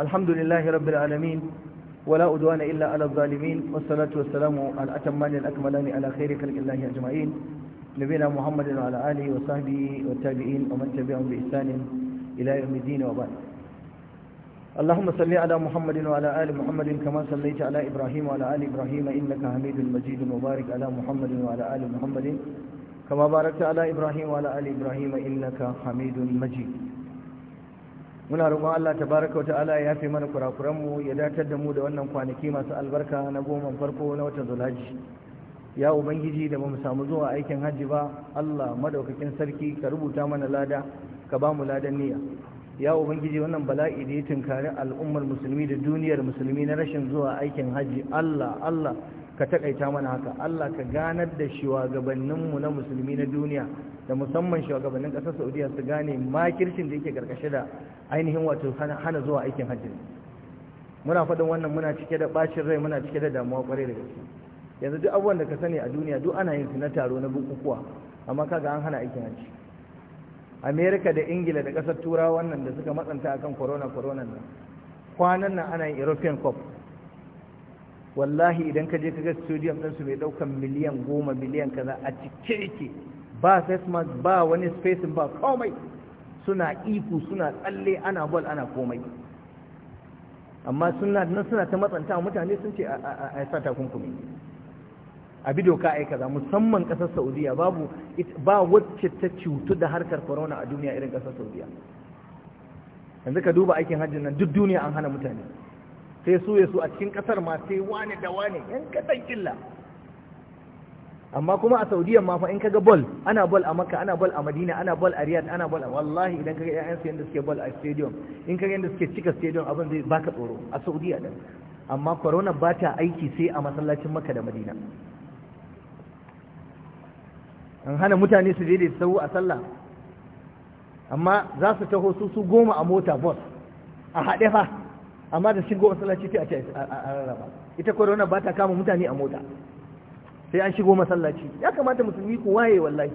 الحمد لله رب العالمين ولا أدوان إلا على الظالمين والصلاة والسلام الأتمان الأكملان على خير خلق الله أجمعين نبينا محمد وعلى آله وصحبه والتابعين ومن تبعهم بإحسان إلى يوم الدين وبعد اللهم صل على محمد وعلى آل محمد كما صليت على إبراهيم وعلى آل إبراهيم إنك حميد مجيد وبارك على محمد وعلى آل محمد كما باركت على إبراهيم وعلى آل إبراهيم إنك حميد مجيد muna roƙon Allah tabaraka wa ta'ala ya yafe mana kurakuran mu ya datar da mu da wannan kwanaki masu albarka na goma farko na watan Zulhajji ya ubangiji da bamu samu zuwa aikin hajji ba Allah madaukakin sarki ka rubuta mana lada ka ba mu ladan niyya ya ubangiji wannan bala'i da ya tunkari al'ummar musulmi da duniyar musulmi na rashin zuwa aikin hajji Allah Allah ka takaita mana haka Allah ka ganar da shugabanninmu na musulmi na duniya da musamman shugabannin ƙasar saudiya su gane makircin da yake karkashe da ainihin wato hana zuwa aikin hajji muna faɗin wannan muna cike da ɓacin rai muna cike da damuwa ƙwarai da gaske yanzu duk abubuwan da ka sani a duniya duk ana yin su na taro na bukukuwa amma kaga an hana aikin hajji amerika da ingila da ƙasar turawa wannan da suka matsanta akan corona corona nan kwanan nan ana yin european cup wallahi idan ka je ka ga stadium ɗinsu mai ɗaukan miliyan goma miliyan kaza a cike yake ba face mask ba wani spacing ba komai suna iku suna tsalle ana bol ana komai amma suna nan suna ta matsanta mutane sun ce a sa takunkumi a bi doka a kaza musamman ƙasar saudiya babu ba wacce ta cutu da harkar corona a duniya irin ƙasar saudiya yanzu ka duba aikin hajji nan duk duniya an hana mutane sai su ya su a cikin kasar ma sai wane da wane yan kasar killa amma kuma a saudiya ma fa in kaga ball ana ball a makka ana ball a madina ana ball a riyadh ana ball a wallahi idan kaga ƴaƴan su yanda suke ball a stadium in kaga yanda suke cika stadium abin zai baka tsoro a saudiya din amma corona ba ta aiki sai a masallacin makka da madina an hana mutane su je da sau a sallah amma za su taho su su goma a mota bus a haɗe fa amma da shigo masallaci sai a ce a rarraba ita corona ba ta kama mutane a mota sai an shigo masallaci ya kamata musulmi ku waye wallahi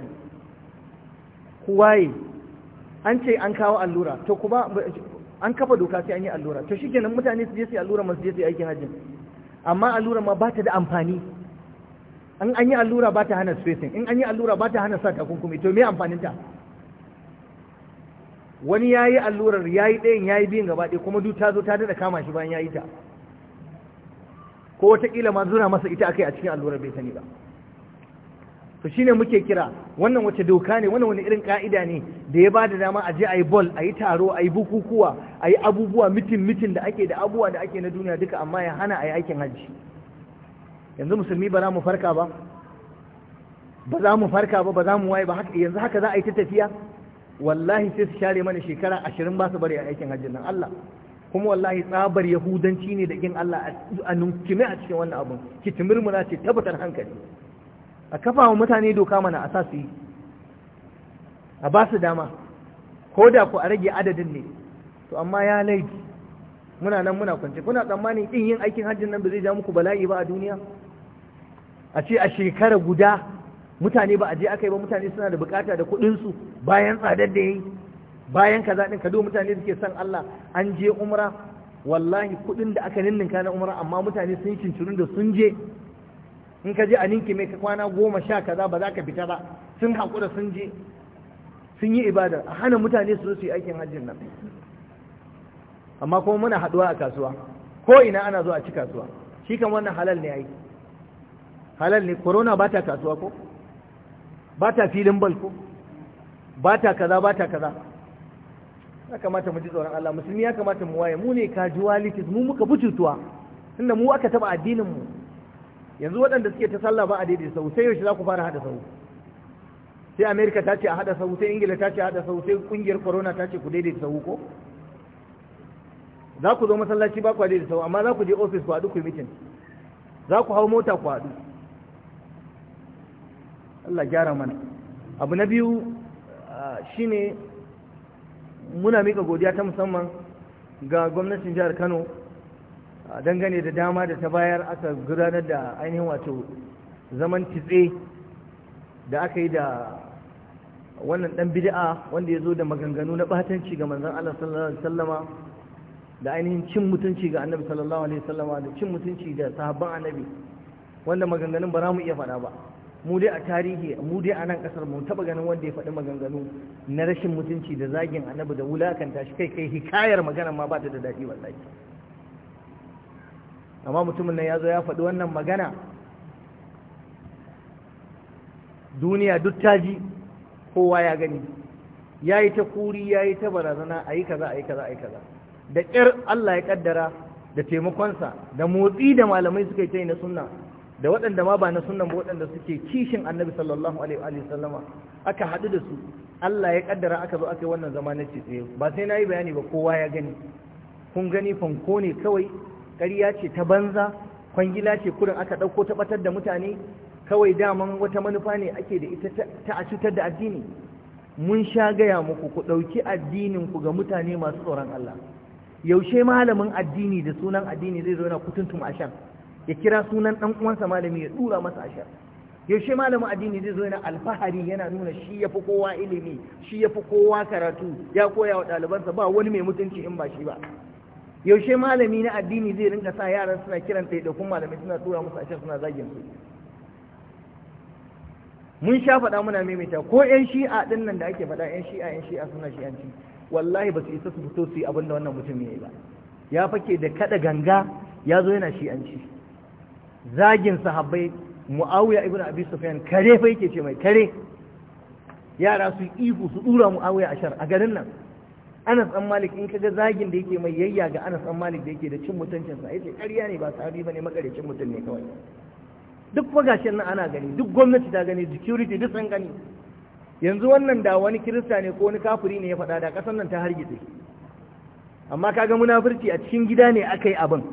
ku waye an ce an kawo allura to kuma an kafa doka sai an yi allura to shikenan mutane su je su yi allura masu je su yi aikin hajjin amma allura ma ba ta da amfani in an yi allura ba ta hana spacing in an yi allura ba ta hana sa takunkumi to me amfanin ta wani ya yi allurar ya yi ɗayan ya yi biyan gaba ɗaya kuma duk ta zo ta daɗa kama shi bayan ya yi ta ko wataƙila ma zura masa ita akai a cikin allurar bai sani ba to shine muke kira wannan wace doka ne wannan wani irin ka'ida ne da ya ba da dama a je a yi bol a yi taro a yi bukukuwa a yi abubuwa mitin mitin da ake da abubuwa da ake na duniya duka amma ya hana a yi aikin hajji yanzu musulmi ba za mu farka ba ba za mu farka ba ba za mu waye ba yanzu haka za a yi ta tafiya wallahi sai su share mana shekara ashirin ba su bari a aikin hajji nan Allah kuma wallahi tsabar yahudanci ne da kin Allah a nunkime a cikin wannan abun ki timirmuna ce tabbatar hankali a kafa wa mutane doka mana a sa su yi a ba su dama ko da ku a rage adadin ne to amma ya laifi muna nan muna kwance kuna tsammanin ƙin yin aikin hajji nan ba zai ja muku bala'i ba a duniya a ce a shekara guda mutane ba a je aka yi ba mutane suna da bukata da kuɗinsu bayan tsadar da yi bayan kaza din kado mutane suke son Allah an je umra wallahi kuɗin da aka ninninka na umra amma mutane sun cincirin da sun je in ka je a ninki mai kwana goma sha kaza ba za ka fita ba sun haƙura sun je sun yi ibada a hana mutane su su yi aikin hajjin nan amma kuma muna haɗuwa a kasuwa ko ina ana zuwa a ci kasuwa shi kan wannan halal ne ai halal ne corona ba ta kasuwa ko ba ta filin balko ba ta kaza ba ta kaza ya kamata mu ji tsoron Allah musulmi ya kamata mu waye mu ne casualties mu muka bututuwa tunda mu aka taba addinin mu yanzu waɗanda suke ta sallah ba a daidai sau sai yaushe za ku fara hada sau sai america ta ce a hada sau sai ingila ta ce a hada sau sai kungiyar corona ta ce ku daidai sau ko za ku zo masallaci ba ku daidai sau amma za ku je office ku haɗu ku yi meeting za ku hau mota ku haɗu Allah gyara mana abu na biyu ah, shi ne muna mika godiya ta musamman ga gwamnatin jihar Kano ah, dangane da dama da ta bayar aka gudanar da ainihin wato zaman titse da aka yi da wannan dan bid'a wanda ya zo da maganganu na batanci ga manzan Allah sallallahu alaihi wasallama da ainihin cin mutunci ga annabi sallallahu alaihi wasallama da cin mutunci ga sahabban annabi wanda maganganun ba za mu iya faɗa ba mu dai a tarihi mu dai a nan kasar mu taba ganin wanda ya faɗi maganganu na rashin mutunci da zagin annabi da wulakanta shi kai kai hikayar magana ma ba ta da daɗi wallahi amma mutumin nan ya zo ya faɗi wannan magana duniya duk ta ji kowa ya gani ya yi ta kuri ya yi ta barazana a yi kaza a yi kaza a yi kaza da ƙyar Allah ya ƙaddara da taimakonsa da motsi da malamai suka yi ta yi na sunna da waɗanda ma ba na sunan ba waɗanda suke kishin annabi sallallahu alaihi wa sallama aka haɗu da su Allah ya kaddara aka zo aka yi wannan zama na ce tsaye ba sai na yi bayani ba kowa ya gani kun gani fanko ne kawai ƙarya ce ta banza kwangila ce kurin aka ɗauko ta ɓatar da mutane kawai daman wata manufa ne ake da ita ta a cutar da addini mun sha gaya muku ku ɗauki addinin ku ga mutane masu tsoron Allah yaushe malamin addini da sunan addini zai zo yana kutuntum a shan ya kira sunan dan uwansa malami ya dura masa ashar yaushe malamin addini zai zo yana alfahari yana nuna shi ya fi kowa ilimi shi ya fi kowa karatu ya koya wa ɗalibansa ba wani mai mutunci in ba shi ba yaushe malami na addini zai rinka sa yaran suna kiran ta kun malami suna tura musu ashar suna zagin su mun sha faɗa muna maimaita ko 'yan shi'a ɗin nan da ake faɗa 'yan shi'a 'yan shi'a suna shi'anci wallahi ba su isa su fito su yi abin da wannan mutum ya yi ba ya fake da kada ganga ya zo yana shi'anci zagin sahabbai mu'awiya ibn abi sufyan kare fa yake ce mai kare yara su ihu su dura mu'awiya ashar a garin nan Anas an Malik in kaga zagin da yake mai yayya ga Anas an Malik da yake da cin mutuncin sa yace ƙarya ne ba sahabi bane cin mutum ne kawai duk fagashin nan ana gani duk gwamnati ta gani security duk sun gani yanzu wannan da wani kirista ne ko wani kafiri ne ya faɗa da ƙasar nan ta hargitse amma kaga munafurci a cikin gida ne aka yi abin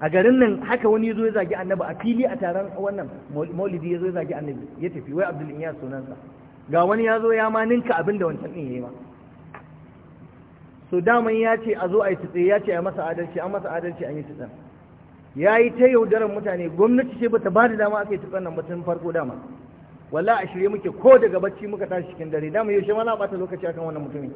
a garin nan haka wani yazo ya zagi annabi a fili a taron wannan maulidi yazo ya zagi annabi ya tafi wai abdul iyas sunansa ga wani yazo ya ma ninka abin da wancan din yayi ma so daman ya ce a zo a yi tsaye, ya ce a masa adalci an masa adalci an yi tsaye ya yi ta yaudarar mutane gwamnati ce ba ta ba da dama aka yi tutsen nan batun farko dama wallahi a shirye muke ko daga bacci muka tashi cikin dare dama yaushe ma na bata lokaci akan wannan mutumin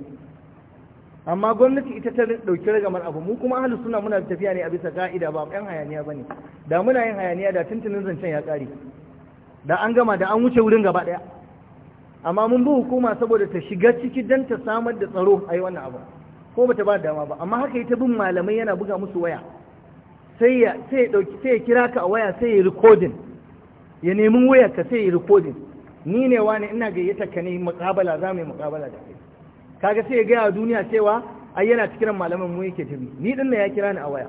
amma gwamnati ita ta dauki ragamar abu mu kuma ahlus sunna muna tafiya ne a bisa ka'ida ba yan hayaniya bane da muna yin hayaniya da tuntunin zancen ya kare da an gama da an wuce wurin gaba daya amma mun bi hukuma saboda ta shiga ciki dan ta samar da tsaro a yi wannan abu ko bata ba dama ba amma haka ita bin malamai yana buga musu waya sai ya sai dauki sai ya kira ka a waya sai ya recording ya nemi wayar ka sai ya recording ni ne wani ina gayyata ka ne muƙabala za mu yi da kaga sai ya gaya duniya cewa ai yana cikin malaman mu yake tabi ni din ya kira ni a waya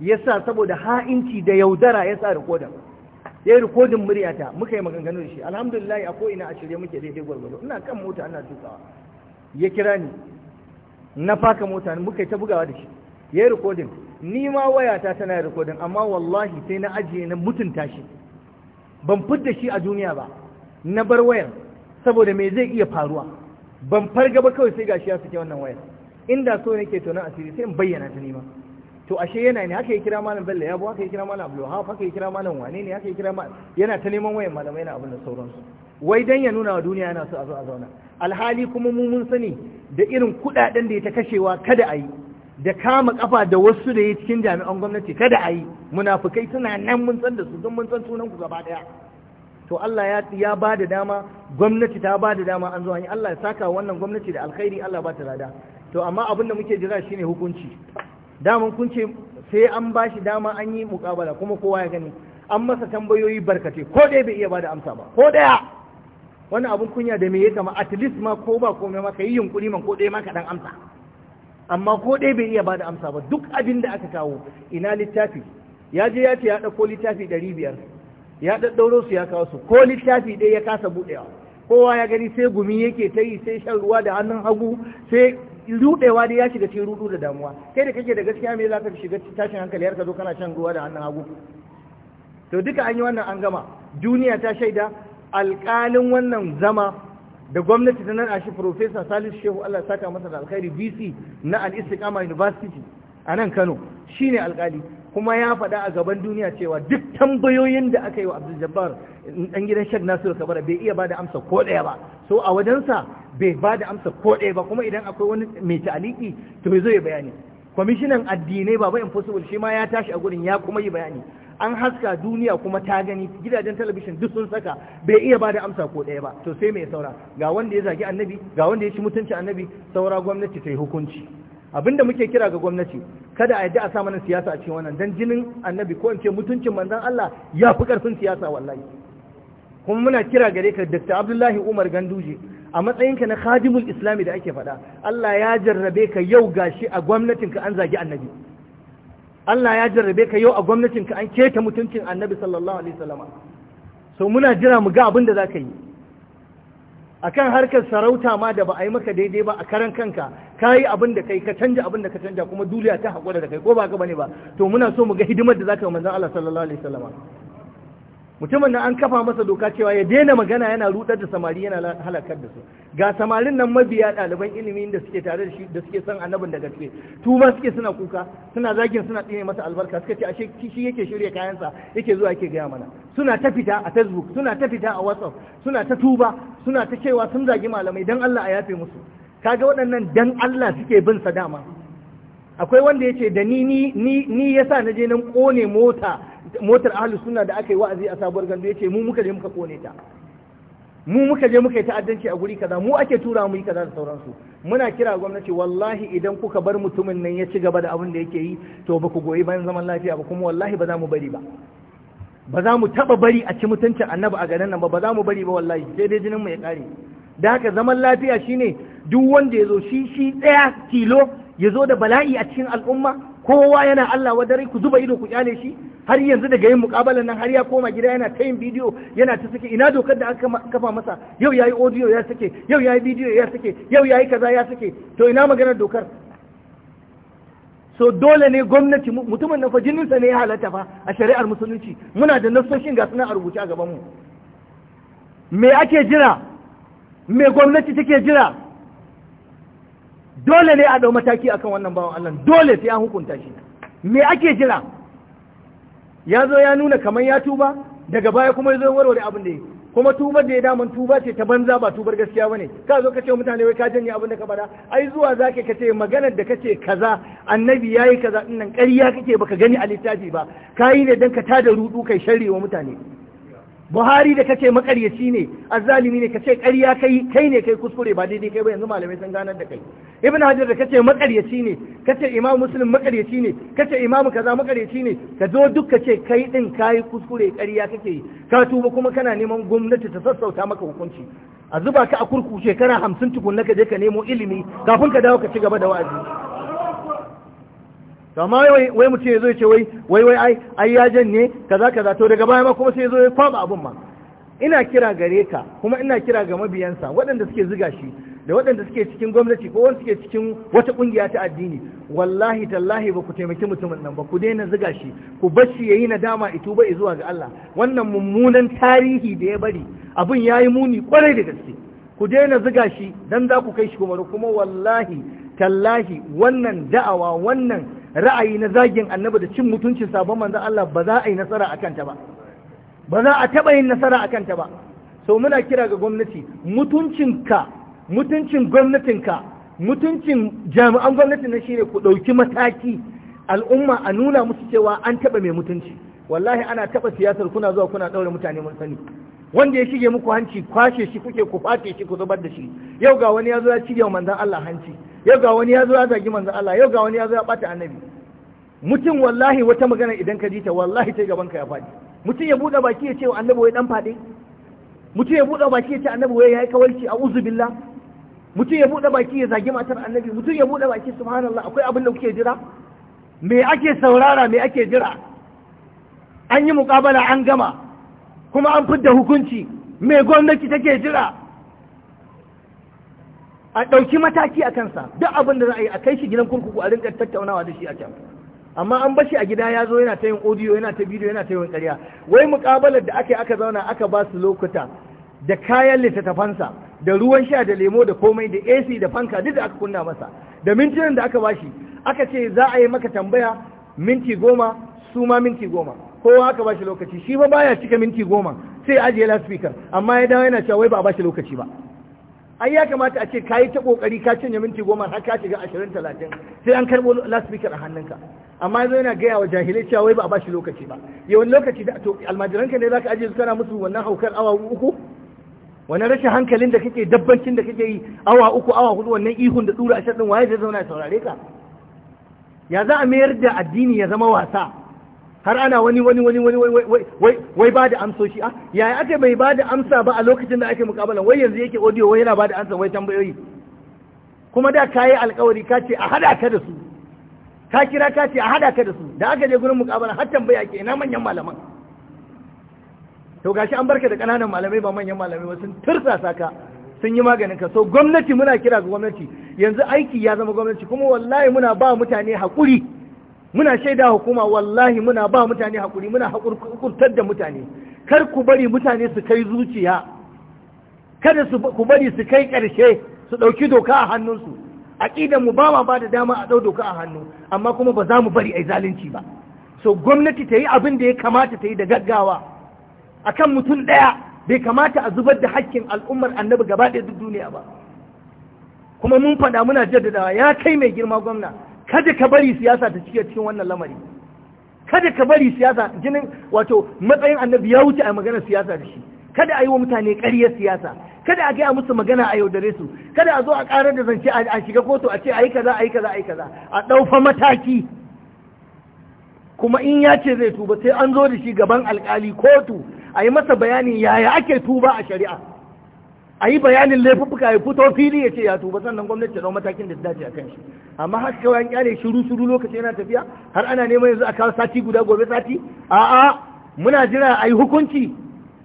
yasa saboda ha'inci da yaudara yasa rikodin yayi rikodin muryata muka yi maganganu da shi alhamdulillah a ko ina a shirye muke daidai gwargwado ina kan mota ana tukawa ya kira ni na faka mota muka yi ta bugawa da shi yayi rikodin ni ma wayata tana rikodin amma wallahi sai na ajiye na mutunta shi ban fidda shi a duniya ba na bar wayar saboda me zai iya faruwa ban farga ba kawai sai gashi ya sake wannan waya, inda so nake to nan asiri sai in bayyana ta nima to ashe yana ne haka ya kira malam bello bu haka ya kira malam abdul wahab haka ya kira malam wane ne haka ya kira yana ta neman wayan malamai yana abin da sauransu wai dan ya nuna wa duniya yana so a zo a zauna alhali kuma mu mun sani da irin kuɗaɗen da ya ta kashewa kada a yi da kama kafa da wasu da ya cikin jami'an gwamnati kada a yi munafukai suna nan mun san da su don mun san sunan ku gaba daya to Allah ya ba da dama gwamnati ta ba da dama an zo an yi Allah ya saka wannan gwamnati da alkhairi Allah ba ta lada to amma abin da muke jira shine hukunci daman kun ce sai an ba shi dama an yi mukabala kuma kowa ya gani an masa tambayoyi barkate ko dai bai iya ba da amsa ba ko daya wannan abun kunya da me ya kama at least ma ko ba komai ma kai yunkuri man ko dai ma ka dan amsa amma ko dai bai iya ba da amsa ba duk abin da aka kawo ina littafi ya je ya ce ya dauko littafi 500 ya daddauro su ya kawo su ko littafi dai ya kasa buɗewa kowa ya gani sai gumi yake ta yi sai shan ruwa da hannun hagu sai rudewa dai ya shiga cikin rudu da damuwa kai da kake da gaskiya me za ka shiga tashin hankali har ka zo kana shan ruwa da hannun hagu to duka an yi wannan an gama duniya ta shaida alƙalin wannan zama da gwamnati ta nan a shi Profesa Salisu Shehu Allah saka masa da alkhairi BC na Al-Istiqama University a nan Kano shi ne alkali kuma ya faɗa a gaban duniya cewa duk tambayoyin da aka yi wa Abdul Jabbar dan gidan Sheikh Nasir Kabara bai iya bada amsa ko ɗaya ba so a wajensa bai bada amsa ko ɗaya ba kuma idan akwai wani mai ta'aliki to bai zo ya bayani kwamishinan addinai baba impossible shi ma ya tashi a gurin ya kuma yi bayani an haska duniya kuma ta gani gidajen talabishin duk sun saka bai iya ba da amsa ko ɗaya ba to sai mai saura ga wanda ya zagi annabi ga wanda ya ci mutunci annabi saura gwamnati ta yi hukunci Abin da muke kira ga gwamnati kada a yi a sa mana siyasa a cikin wannan dan jinin annabi ko in ce mutuncin manzon Allah ya fi karfin siyasa wallahi kuma muna kira gare ka Dr. Abdullahi Umar Ganduje a matsayinka na khadimul islami da ake faɗa Allah ya jarrabe ka yau gashi a gwamnatin ka an zagi annabi Allah ya jarrabe ka yau a gwamnatin ka an keta mutuncin annabi sallallahu alaihi wasallam so muna jira mu ga abin da za ka yi akan harkar sarauta ma da ba a yi maka daidai ba a karan kanka ka yi abin da kai ka canja abin da ka canja kuma duniya ta haƙura da kai ko ba ka bane ba to muna so mu ga hidimar da zaka yi manzon Allah sallallahu alaihi wasallam mutumin nan an kafa masa doka cewa ya daina magana yana rudar da samari yana halakar da su ga samarin nan mabiya ɗaliban ilimi da suke tare da shi da suke son annabin da gaske tuba suke suna kuka suna zagin suna tsine masa albarka suka ce ashe shi yake shirya kayansa yake zuwa yake gaya mana suna ta fita a facebook suna ta fita a whatsapp suna ta tuba suna ta cewa sun zagi malamai dan Allah a yafe musu kaga waɗannan dan Allah suke bin sa dama akwai wanda yace da ni ni ni yasa naje nan kone mota motar ahlu suna da aka yi wa'azi a sabuwar gandu ya ce mu muka je muka kone ta mu muka je muka yi ta'addanci a guri kaza mu ake tura mu yi kaza da sauransu muna kira gwamnati wallahi idan kuka bar mutumin nan ya ci gaba da abin da yake yi to ba ku goyi bayan zaman lafiya ba kuma wallahi ba za mu bari ba ba za mu taba bari a ci mutuncin annabi a garin nan ba ba za mu bari ba wallahi sai dai jinin mu ya kare da haka zaman lafiya shine duk wanda ya zo shi shi tsaya tilo ya zo da bala'i a cikin al'umma kowa yana Allah wa wadare ku zuba ido ku kyale shi har yanzu daga yin mukabalan nan har ya koma gida yana ta yin bidiyo yana ta sake ina dokar da aka kafa masa yau yayi audio ya sake yau yayi bidiyo ya sake yau yayi kaza ya sake to ina maganar dokar so dole ne gwamnati mutumin na fa jininsa ne ya halatta fa a shari'ar musulunci muna da nasoshin ga suna a rubuce a gaban mu me ake jira me gwamnati take jira dole ne a dau mataki akan wannan bawan Allah dole sai an hukunta shi me ake jira ya zo ya nuna kamar ya tuba daga baya kuma ya zo warware abin da ya kuma tubar da ya daman tuba ce ta banza ba tubar gaskiya bane ka zo ka ce mutane wai ka janye abin da ka bada ai zuwa zake ka ce maganar da kace kaza annabi yayi kaza dinnan ƙarya kake baka gani a littafi ba kayi ne dan ka tada rudu kai sharri wa mutane buhari da kace makaryaci ne azzalimi ne kace ƙarya kai kai ne kai kuskure ba daidai kai ba yanzu malamai sun ganar da kai ibn hajar da kace makaryaci ne kace imam muslim makaryaci ne kace imam kaza makaryaci ne ka zo duk kace kai din kai kuskure ƙarya kake yi ka tuba kuma kana neman gwamnati ta sassauta maka hukunci a zuba ka a kurkuku shekara hamsin tukun ka je ka nemo ilimi kafin ka dawo ka ci gaba da wa'azi amma wai mutum ya zo ce wai wai wai ai ai ya ne, kaza kaza to daga baya ma kuma sai ya zo ya kwaba abun ma ina kira gare ka kuma ina kira ga mabiyansa waɗanda suke ziga shi da waɗanda suke cikin gwamnati ko wanda suke cikin wata ƙungiya ta addini wallahi tallahi ba ku taimaki mutumin nan ba ku daina ziga shi ku bar shi yayi nadama ituba zuwa ga Allah wannan mummunan tarihi da ya bari abin yi muni kwarai da gaske ku daina ziga shi dan za ku kai shi kuma kuma wallahi tallahi wannan da'awa wannan ra'ayi na zagin annabi da cin mutuncin sabon manzon Allah ba za a yi nasara a kanta ba ba za a taɓa yin nasara a kanta ba sau muna kira ga gwamnati mutuncinka mutuncin gwamnatinka mutuncin jami'an gwamnati na shine ku ɗauki mataki al'umma a nuna musu cewa an taɓa mai mutunci wallahi ana taɓa siyasar kuna zuwa kuna ɗaure mutane mun sani wanda ya shige muku hanci kwashe shi kuke ku face shi ku zubar da shi yau ga wani ya zo ya shige wa manzon Allah hanci yau ga wani ya zo ya zagi manzo Allah yau ga wani ya zo ya bata annabi mutum wallahi wata magana idan ka ji ta wallahi ta gaban ka ya faɗi mutum ya buɗe baki ya ce wa annabi wai dan faɗi mutum ya buɗe baki ya ce annabi wai yayi kawalci a uzubillah mutum ya buɗe baki ya zagi matar annabi mutum ya buɗe baki subhanallah akwai abin da kuke jira me ake saurara me ake jira an yi muƙabala an gama kuma an fidda hukunci me gwamnati take jira a ɗauki mataki a kansa duk abin da za a yi a kai shi gidan kurkuku a rinka tattaunawa da shi a can amma an bashi a gida ya zo yana ta yin audio yana ta bidiyo yana ta yin ƙarya wai muƙabalar da aka yi aka zauna aka ba su lokuta da kayan littattafansa da ruwan sha da lemo da komai da AC da fanka duk da aka kunna masa da mintunan da aka bashi aka ce za a yi maka tambaya minti goma su ma minti goma kowa aka bashi lokaci shi ba baya cika minti goma sai ajiye last amma ya dawo yana cewa wai ba a bashi lokaci ba ai ya kamata a ce ka yi ta kokari ka cinye minti goma har ka shiga ashirin talatin sai an karɓo laspikar a hannunka amma yanzu yana gaya wa jahilai cewa wai ba a bashi lokaci ba yawan lokaci da to almajiranka ne ka ajiye su kana musu wannan haukar awa uku wannan rashin hankalin da kake dabbancin da kake yi awa uku awa hudu wannan ihun da dura a shaɗin waye zai zauna ya saurare ka ya za a mayar da addini ya zama wasa har ana wani wani wani wani wai ba da amsoshi a ah, yaya aka mai ba da amsa ba a lokacin da ake mukabala wai yanzu yake audio wai yana ba da amsa wai tambayoyi kuma da ka yi alkawari ka ce a hada ka da su ka kira ka ce a hada ka da su da aka je gurin mukabala har tambaya ke ina manyan malaman to gashi an barka da kananan malamai ba manyan malamai ba sun tursasa ka sun yi maganin ka so gwamnati muna kira ga gwamnati yanzu aiki ya zama gwamnati kuma wallahi muna ba mutane haƙuri muna shaida hukuma wallahi muna ba mutane hakuri muna haƙurtar da mutane kar ku bari mutane su kai zuciya kada su ku bari su kai ƙarshe su ɗauki doka a hannunsu aƙidan mu ba ma ba da dama a ɗau doka a hannu amma kuma ba za mu bari a zalunci ba so gwamnati ta yi abin da ya kamata ta yi da gaggawa akan mutum ɗaya bai kamata a zubar da hakkin al'ummar annabi gaba ɗaya duk duniya ba kuma mun faɗa muna jaddadawa ya kai mai girma gwamna kada ka bari siyasa ta cike cikin wannan lamari kada ka bari siyasa jinin wato matsayin annabi ya wuce a magana siyasa da shi kada a yi wa mutane ƙaryar siyasa kada a gaya musu magana a yaudare su kada a zo a ƙarar da zance a shiga kotu a ce a yi kaza a yi kaza a yi kaza a ɗaufa mataki kuma in ya ce zai tuba sai an zo da shi gaban alƙali kotu a yi masa bayani yaya ake tuba a shari'a a yi bayanin laifuffuka ya fito fili ya ce ya tuba sannan gwamnati ta matakin da ta dace a kan shi amma har kawai an kyale shiru shiru lokaci yana tafiya har ana neman yanzu a kawo sati guda gobe sati a'a muna jira a yi hukunci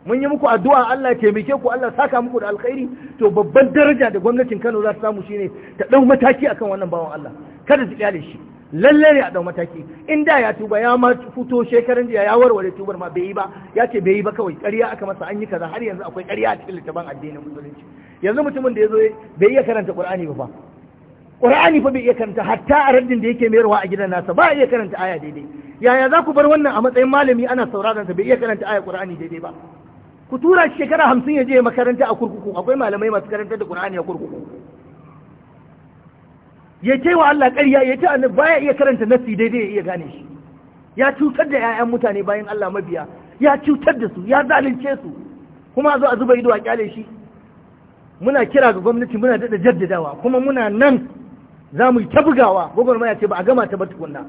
mun yi muku addu'a Allah taimake ku Allah saka muku da alkhairi to babban daraja da gwamnatin Kano za ta samu shine ta dau mataki akan wannan bawan Allah kada su kyale shi Lallai ne a dau mataki in da ya tuba ya ma fito shekaran jiya ya warware tubar ma bai yi ba ya ce bai yi ba kawai ƙarya aka masa an yi kaza har yanzu akwai ƙarya a cikin littafin addinin musulunci yanzu mutumin da ya zo bai iya karanta qur'ani ba fa qur'ani fa bai iya karanta hatta a raddin da yake mayarwa a gidan nasa ba iya karanta aya daidai yaya za ku bar wannan a matsayin malami ana sauraron sa bai iya karanta aya qur'ani daidai ba ku tura shi shekara hamsin ya je makaranta a kurkuku akwai malamai masu karanta da qur'ani a kurkuku ya ce wa Allah ƙarya ya ce annabi baya iya karanta nassi daidai ya iya gane shi ya cutar da 'ya'yan mutane bayan Allah mabiya ya cutar da su ya zalunce su kuma zo a zuba ido a kyale shi muna kira ga gwamnati muna da jaddadawa kuma muna nan za mu yi ta bugawa gwagwarmaya ce ba a gama ta ba tukunna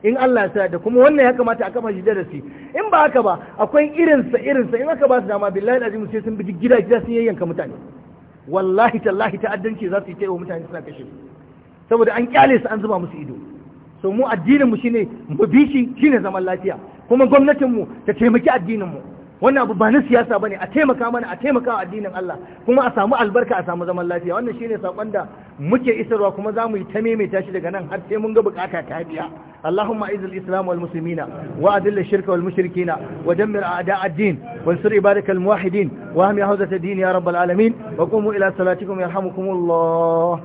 in Allah ya da kuma wannan ya kamata a kama shi darasi in ba haka ba akwai irinsa irinsa in aka ba su dama billahi azim sai sun bi gida gida sun yayyanka mutane wallahi tallahi ta'addanci za su yi ta mutane suna kashe su saboda an kyale su an zuba musu ido so mu addinin mu shine mu bi shi shine zaman lafiya kuma gwamnatin mu ta taimaki addinin mu wannan abu ba na siyasa bane a taimaka mana a taimaka addinin Allah kuma a samu albarka a samu zaman lafiya wannan shine sakon da muke isarwa kuma zamu yi ta maimaita shi daga nan har sai mun ga bukata ta biya اللهم اعز الإسلام والمسلمين وأذل الشرك والمشركين ودمر أعداء الدين وانصر عبادك الموحدين واهم عهدة الدين يا رب العالمين وقوموا إلى صلاتكم يرحمكم الله